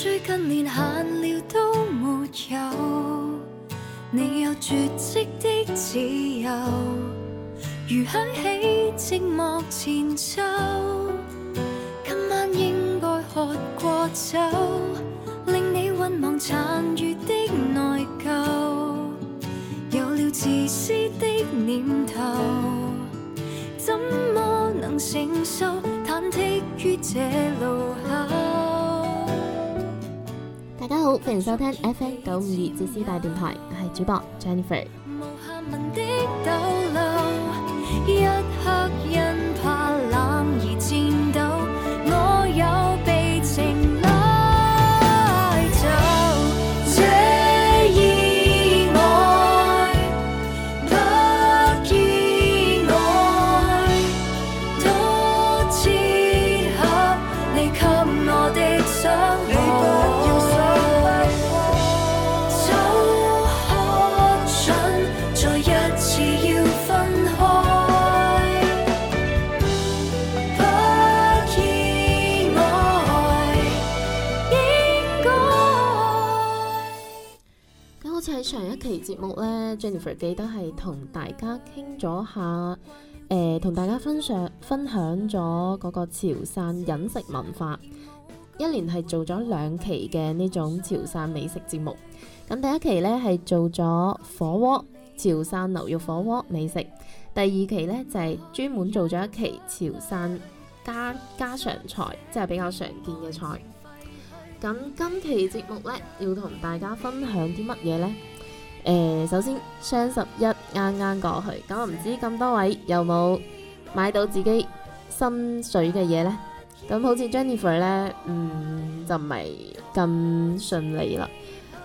最近連閒聊都沒有，你有絕跡的自由。如響起寂寞前奏，今晚應該喝過酒，令你淡忘殘餘的內疚，有了自私的念頭，怎麼能承受？忐忑於這路。大家好，歡迎收聽 FM 九五二 C C 大電台，我係主播 Jennifer。無文的喺上一期節目咧，Jennifer 記得係同大家傾咗下，誒、呃，同大家分享分享咗嗰個潮汕飲食文化。一連係做咗兩期嘅呢種潮汕美食節目。咁第一期咧係做咗火鍋，潮汕牛肉火鍋美食。第二期咧就係、是、專門做咗一期潮汕家家常菜，即係比較常見嘅菜。咁今期節目咧要同大家分享啲乜嘢咧？誒、呃，首先雙十一啱啱過去，咁我唔知咁多位有冇買到自己心水嘅嘢呢？咁好似 Jennifer 咧，嗯，就唔係咁順利啦。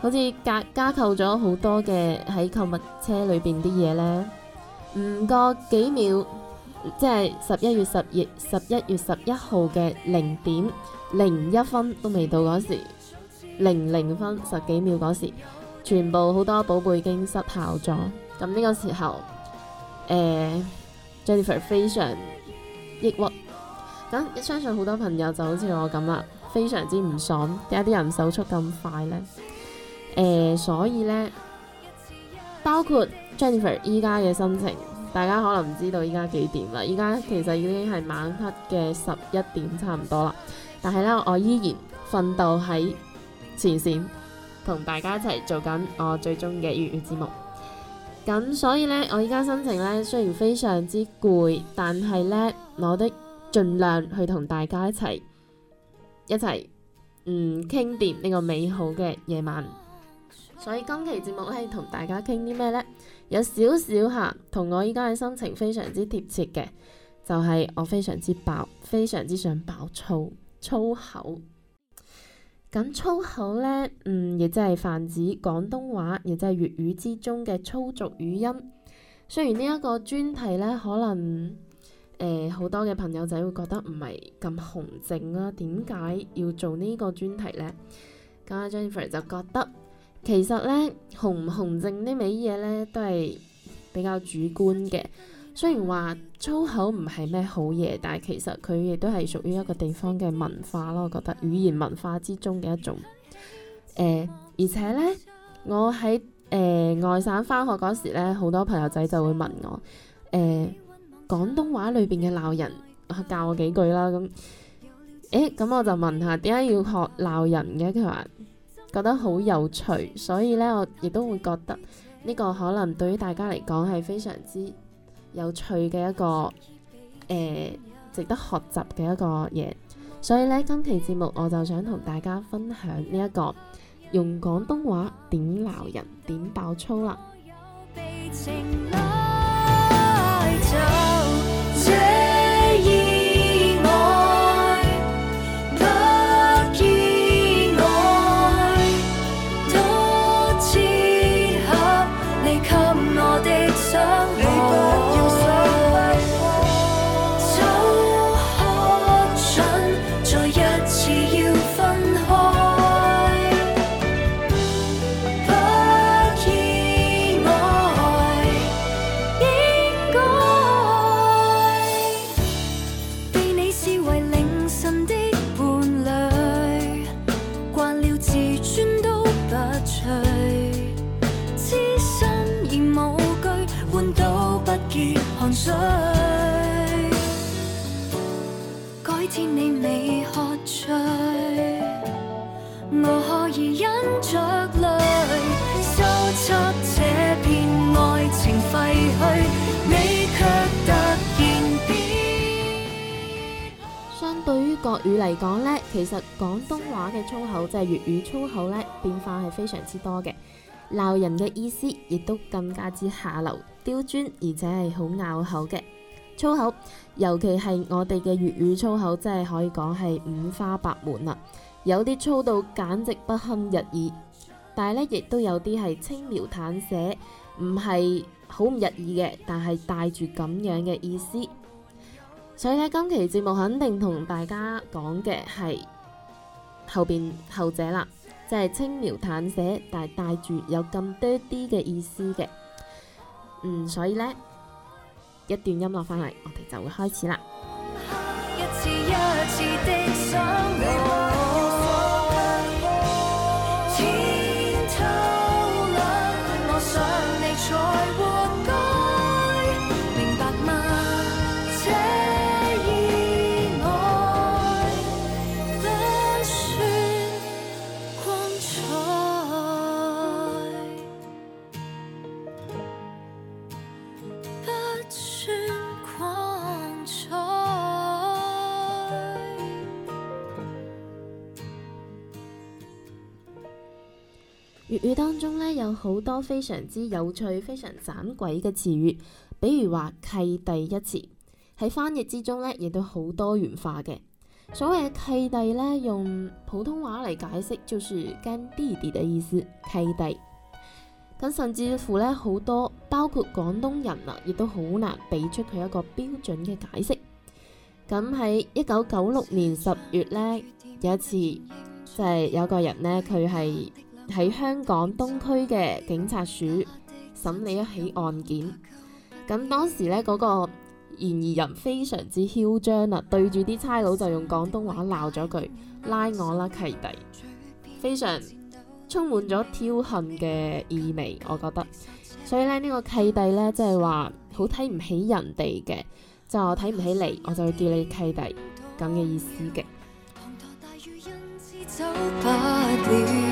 好似加加購咗好多嘅喺購物車裏邊啲嘢呢，唔過幾秒，即係十一月十月十一月十一號嘅零點零一分都未到嗰時，零零分十幾秒嗰時。全部好多寶貝已經失效咗，咁呢個時候，誒、呃、Jennifer 非常抑鬱，咁、嗯、相信好多朋友就好似我咁啦，非常之唔爽，點解啲人手速咁快咧？誒、呃，所以咧，包括 Jennifer 依家嘅心情，大家可能唔知道依家幾點啦，依家其實已經係晚黑嘅十一點差唔多啦，但係咧，我依然奮鬥喺前線。同大家一齊做緊我最鍾意嘅粵語節目，咁所以呢，我依家心情呢，雖然非常之攰，但係呢，我都盡量去同大家一齊一齊嗯傾掂呢個美好嘅夜晚。所以今期節目係同大家傾啲咩呢？有少少吓，同我依家嘅心情非常之貼切嘅，就係我非常之爆，非常之想爆粗粗口。咁粗口咧，嗯，亦即係泛指廣東話，亦即係粵語之中嘅粗俗語音。雖然呢一個專題咧，可能誒好、呃、多嘅朋友仔會覺得唔係咁紅靜啦，點解要做呢個專題咧？咁阿 Jennifer 就覺得其實咧，紅唔紅靜呢味嘢咧，都係比較主觀嘅。雖然話粗口唔係咩好嘢，但係其實佢亦都係屬於一個地方嘅文化咯。我覺得語言文化之中嘅一種誒、呃，而且咧，我喺誒、呃、外省返學嗰時咧，好多朋友仔就會問我誒、呃、廣東話裏邊嘅鬧人，教我幾句啦。咁誒咁我就問下點解要學鬧人嘅？佢話覺得好有趣，所以咧我亦都會覺得呢個可能對於大家嚟講係非常之有趣嘅一個誒、呃，值得學習嘅一個嘢，所以咧今期節目我就想同大家分享呢、這、一個用廣東話點鬧人、點爆粗啦。 你你未喝醉，我可以因着淚收出這片愛情廢墟，你卻突然變，相對於國語嚟講呢，其實廣東話嘅粗口即係粵語粗口呢，變化係非常之多嘅，鬧人嘅意思亦都更加之下流、刁鑽，而且係好拗口嘅。粗口，尤其係我哋嘅粵語粗口，真係可以講係五花八門啦。有啲粗到簡直不堪入耳，但係咧亦都有啲係輕描淡寫，唔係好唔日耳嘅，但係帶住咁樣嘅意思。所以咧，今期節目肯定同大家講嘅係後邊後者啦，即係輕描淡寫，但係帶住有咁多啲嘅意思嘅。嗯，所以咧。一段音樂翻嚟，我哋就會開始啦。 語當中咧有好多非常之有趣、非常盞鬼嘅詞語，比如話契弟一詞喺翻譯之中咧，亦都好多元化嘅。所謂嘅契弟咧，用普通話嚟解釋就是乾弟弟嘅意思，契弟。咁甚至乎咧，好多包括廣東人啊，亦都好難俾出佢一個標準嘅解釋。咁喺一九九六年十月咧，有一次就係有個人咧，佢係，喺香港東區嘅警察署審理一起案件，咁當時呢嗰個嫌疑人非常之囂張啦、啊，對住啲差佬就用廣東話鬧咗句：拉我啦，契弟，非常充滿咗挑釁嘅意味。我覺得，所以呢，呢個契弟呢，即係話好睇唔起人哋嘅，就睇唔起你，我就會叫你契弟咁嘅意思嘅。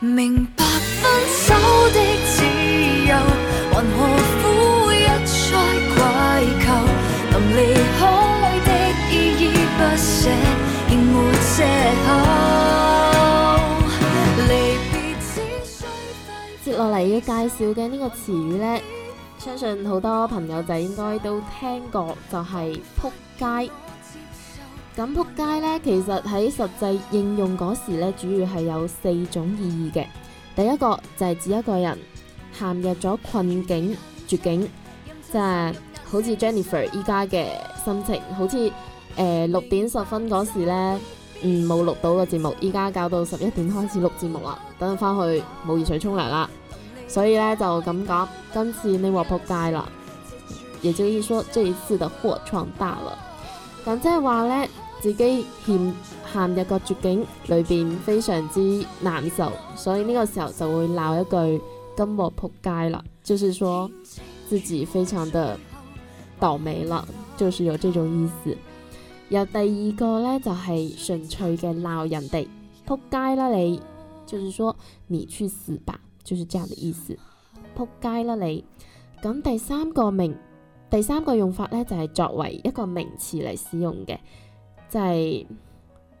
明白分手的的自由，還何苦一再跪求？臨離開的依依不捨，仍沒藉口。接落嚟要介紹嘅呢個詞語呢，相信好多朋友仔應該都聽過，就是，就係仆街。咁仆街咧，其實喺實際應用嗰時咧，主要係有四種意義嘅。第一個就係、是、指一個人陷入咗困境、絕境，即係好似 Jennifer 依家嘅心情，好似誒六點十分嗰時咧，嗯冇錄到個節目，依家搞到十一點開始錄節目啦，等下翻去冇熱水沖涼啦，所以咧就咁講，今次呢鑊仆街啦。也就是說，這一次的禍闖大了。即係話咧。自己陷陷入個絕境裏邊，非常之難受，所以呢個時候就會鬧一句今鑊撲街啦，就是說自己非常的倒霉啦，就是有這種意思。要第二個呢，就係、是、純粹嘅鬧人哋撲街啦你，就是說你去死吧，就是這樣的意思。撲街啦你，咁第三個名第三個用法呢，就係、是、作為一個名詞嚟使用嘅。就係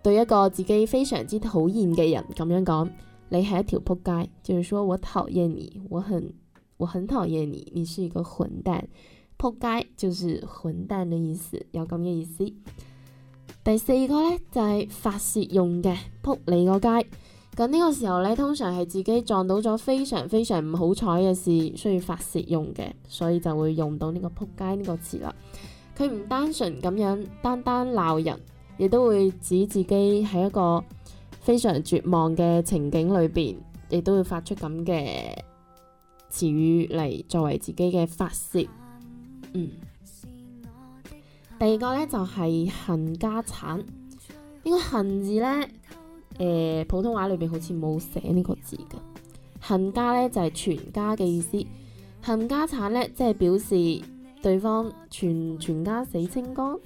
對一個自己非常之討厭嘅人咁樣講，你係一條撲街，就係說我討厭你，我很我很討厭你，你是一個混蛋。撲街就是混蛋嘅意思，有咁嘅意思。第四個咧，就係發洩用嘅扑你個街。咁呢個時候呢，通常係自己撞到咗非常非常唔好彩嘅事，需要發洩用嘅，所以就會用到呢個撲街呢個詞啦。佢唔單純咁樣單單鬧人。亦都會指自己喺一個非常絕望嘅情景裏邊，亦都會發出咁嘅詞語嚟作為自己嘅發洩。嗯，第二個咧就係、是、冚家鏟，呢個冚字咧，誒、呃、普通話裏邊好似冇寫呢個字嘅，冚家咧就係、是、全家嘅意思，冚家鏟咧即係表示，對方全，全家死清光，誒、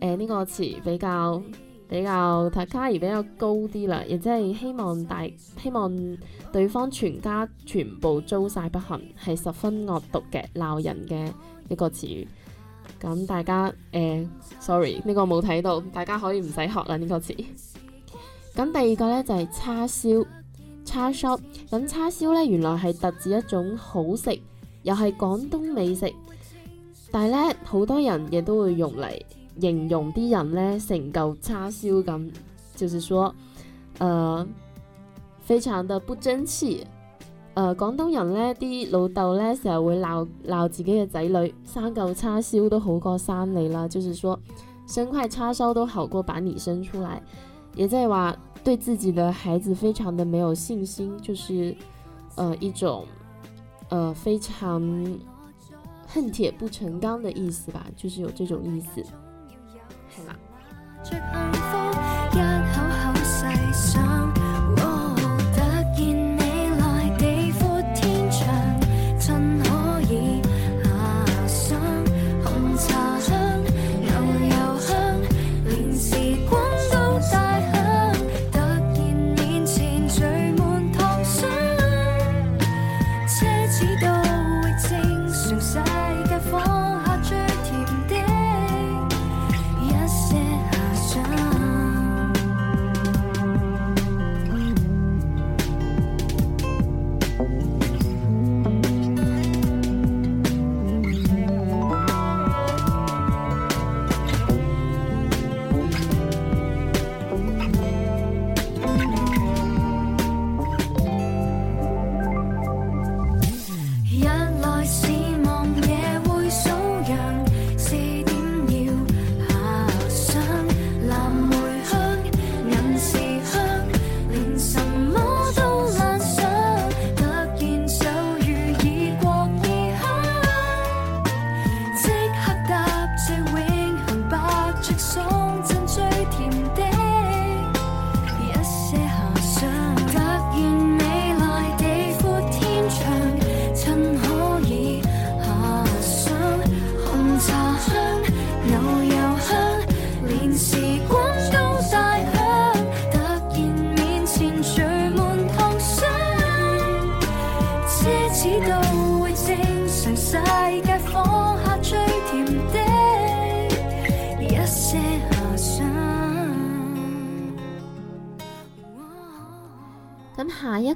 呃、呢個詞比較比較卡而比較高啲啦，亦即係希望大希望對方全家全部遭曬不幸，係十分惡毒嘅鬧人嘅一個詞語。咁大家誒、呃，sorry 呢個冇睇到，大家可以唔使學啦。呢個詞咁第二個呢就係叉燒，叉燒咁叉，叉燒呢原來係特指一種好食，又係廣東美食。但係咧，好多人亦都會用嚟形容啲人咧，成嚿叉燒咁，就是說，誒、呃，非常的不爭氣。誒、呃，廣東人咧啲老豆咧成日會鬧鬧自己嘅仔女，生嚿叉燒都好過生你啦，就是說，生塊叉燒都好過把你生出嚟，亦即係話對自己的孩子非常的沒有信心，就是，誒、呃、一種，誒、呃、非常。恨鐵不成鋼的意思吧，就是有這種意思，係嘛？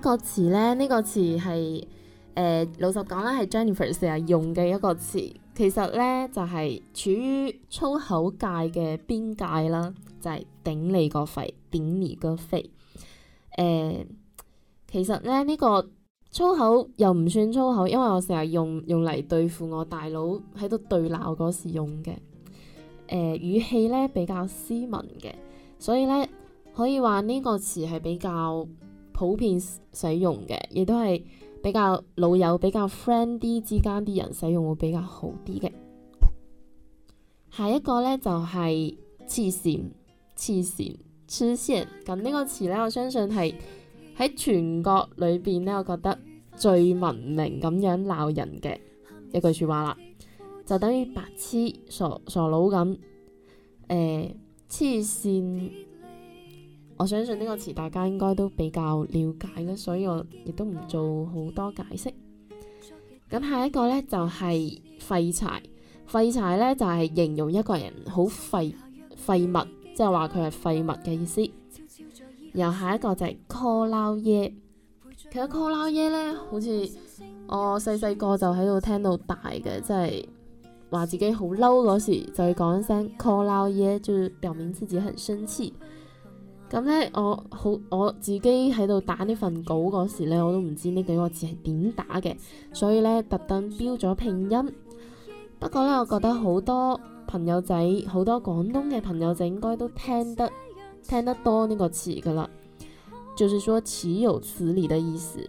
個詞呢，呢、這個詞係誒、呃，老實講啦，係 Jennifer 成日用嘅一個詞。其實呢，就係、是、處於粗口界嘅邊界啦，就係、是、頂你個肺，頂你個肺。誒、呃，其實呢，呢、這個粗口又唔算粗口，因為我成日用用嚟對付我大佬喺度對鬧嗰時用嘅。誒、呃，語氣呢比較斯文嘅，所以呢，可以話呢個詞係比較。普遍使用嘅，亦都係比較老友、比較 friend 啲之間啲人使用會比較好啲嘅。下一個呢，就係黐線、黐線、黐線。咁呢、這個詞呢，我相信係喺全國裏邊呢，我覺得最文明咁樣鬧人嘅一句說話啦，就等於白痴、傻傻、傻佬咁，誒、呃，黐線。我相信呢個詞大家應該都比較了解嘅，所以我亦都唔做好多解釋。咁下一個呢，就係、是、廢柴，廢柴呢，就係、是、形容一個人好廢，廢物，即係話佢係廢物嘅意思。然後下一個就係 call out 耶、yeah，其實 call out 耶咧，好似我細細個就喺度聽到大嘅，即係話自己好嬲嗰時，就會講一聲 call out 耶，就表明自己很生氣。咁咧，我好我自己喺度打呢份稿嗰時咧，我都唔知呢幾個字係點打嘅，所以咧特登標咗拼音。不過咧，我覺得好多朋友仔，好多廣東嘅朋友仔應該都聽得聽得多呢個詞噶啦。就是說，豈有此理的意思。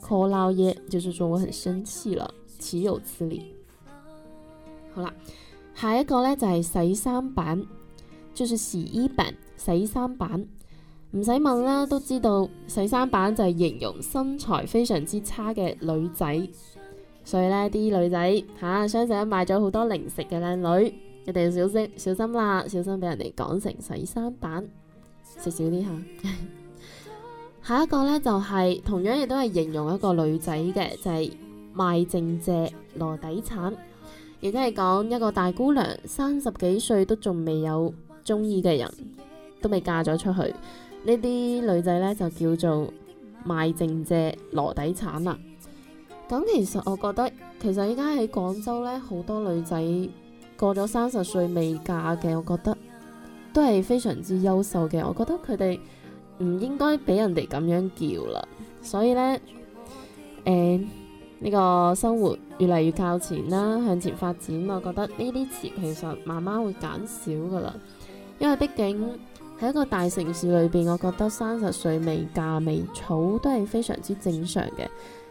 call 撈嘢，就是說我很生氣了，豈有此理。好啦，下一個咧就係洗衫板，就是洗衣板。就是洗衫板唔使問啦，都知道洗衫板就係形容身材非常之差嘅女仔。所以呢啲女仔吓，雙十一買咗好多零食嘅靚女，一定要小心小心啦，小心俾人哋講成洗衫板，食少啲吓， 下一個呢就係、是、同樣亦都係形容一個女仔嘅，就係賣剩蔗、籮底橙，亦都係講一個大姑娘三十幾歲都仲未有中意嘅人。都未嫁咗出去，呢啲女仔呢，就叫做賣剩蔗、籮底橙啦。咁其實我覺得，其實依家喺廣州呢，好多女仔過咗三十歲未嫁嘅，我覺得都係非常之優秀嘅。我覺得佢哋唔應該俾人哋咁樣叫啦。所以呢，誒呢個生活越嚟越靠前啦，向前發展。我覺得呢啲詞其實慢慢會減少噶啦，因為畢竟。喺一個大城市裏邊，我覺得三十歲未嫁未娶都係非常之正常嘅，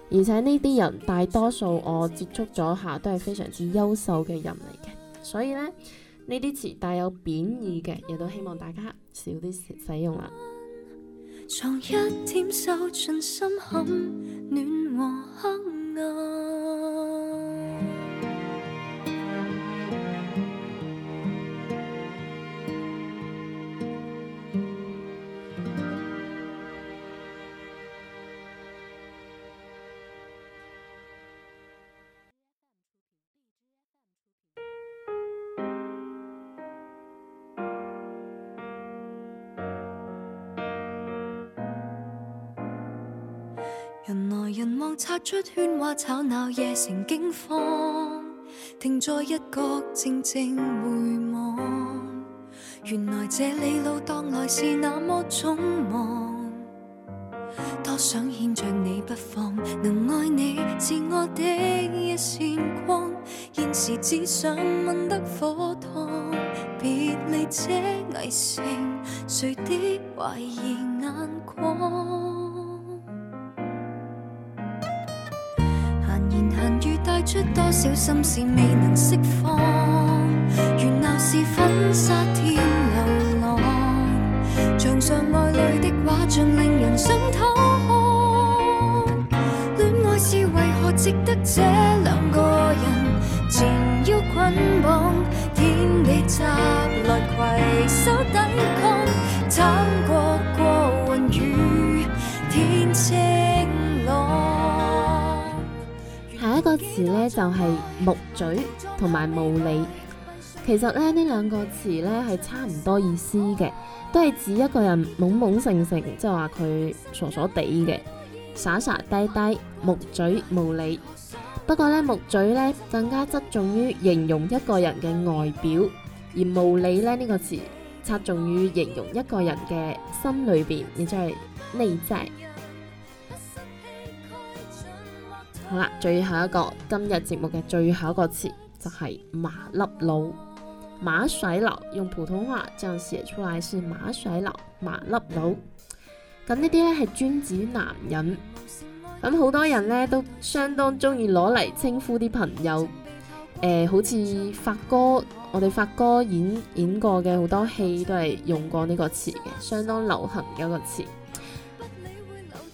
而且呢啲人大多數我接觸咗下都係非常之優秀嘅人嚟嘅，所以呢，呢啲詞帶有貶義嘅，亦都希望大家少啲使用啦。嗯嗯。出喧嘩吵鬧夜城驚慌，停在一角靜靜回望，原來這裡路當來是那麼匆忙。多想牽着你不放，能愛你是我的一線光，現時只想吻得火燙，別理這危城誰的懷疑眼光。出多少心事未能釋放？原來是婚紗天流浪，牆上愛侶的畫像令人想偷看。戀愛是為何值得這兩個？詞呢，就係、是、木嘴同埋無理，其實咧呢兩個詞呢，係差唔多意思嘅，都係指一個人懵懵成成，即係話佢傻傻地嘅，傻傻低低，「木嘴無理。不過呢「木嘴呢，更加側重於形容一個人嘅外表，而無理呢，呢、這個詞側重於形容一個人嘅心裏邊，亦即係內在。好啦，最後一個今日節目嘅最後一個詞就係麻甩佬，麻甩佬用普通話這樣寫出來是麻甩佬，麻甩佬。咁呢啲咧係專指男人，咁好多人咧都相當中意攞嚟稱呼啲朋友。誒、呃，好似發哥，我哋發哥演演過嘅好多戲都係用過呢個詞嘅，相當流行嘅一個詞。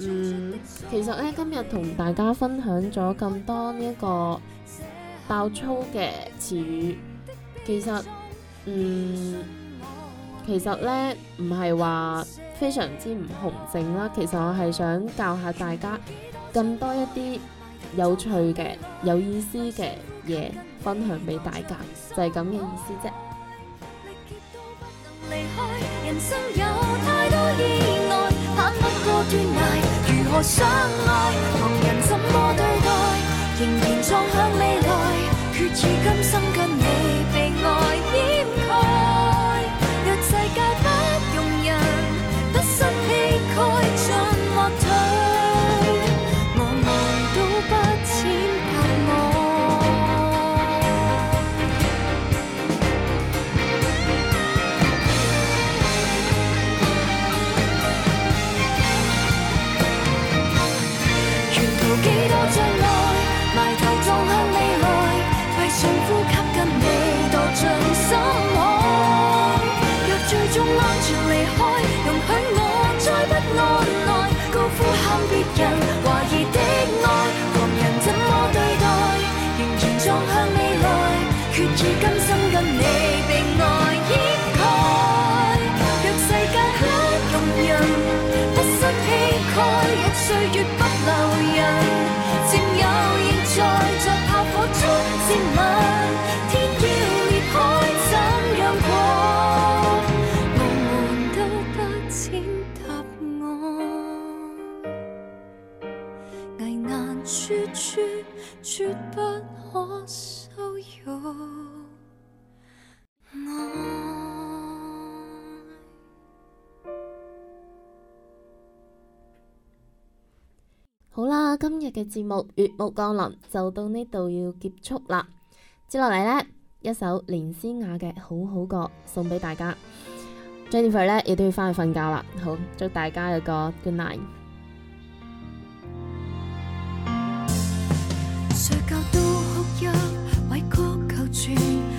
嗯，其實呢，今日同大家分享咗咁多呢一個爆粗嘅詞語，其實，嗯，其實呢，唔係話非常之唔紅正啦，其實我係想教下大家更多一啲有趣嘅、有意思嘅嘢，分享俾大家，就係咁嘅意思啫。人生有太多意翻不過斷崖，如何相愛？旁人怎麼對待，仍然撞向未來。決意今生跟你被愛掩蓋。今日嘅節目月幕降臨，就到呢度要結束啦，接落嚟呢一首連詩雅嘅好好歌送俾大家。Jennifer 呢亦都要翻去瞓覺啦，好，祝大家有個 good night。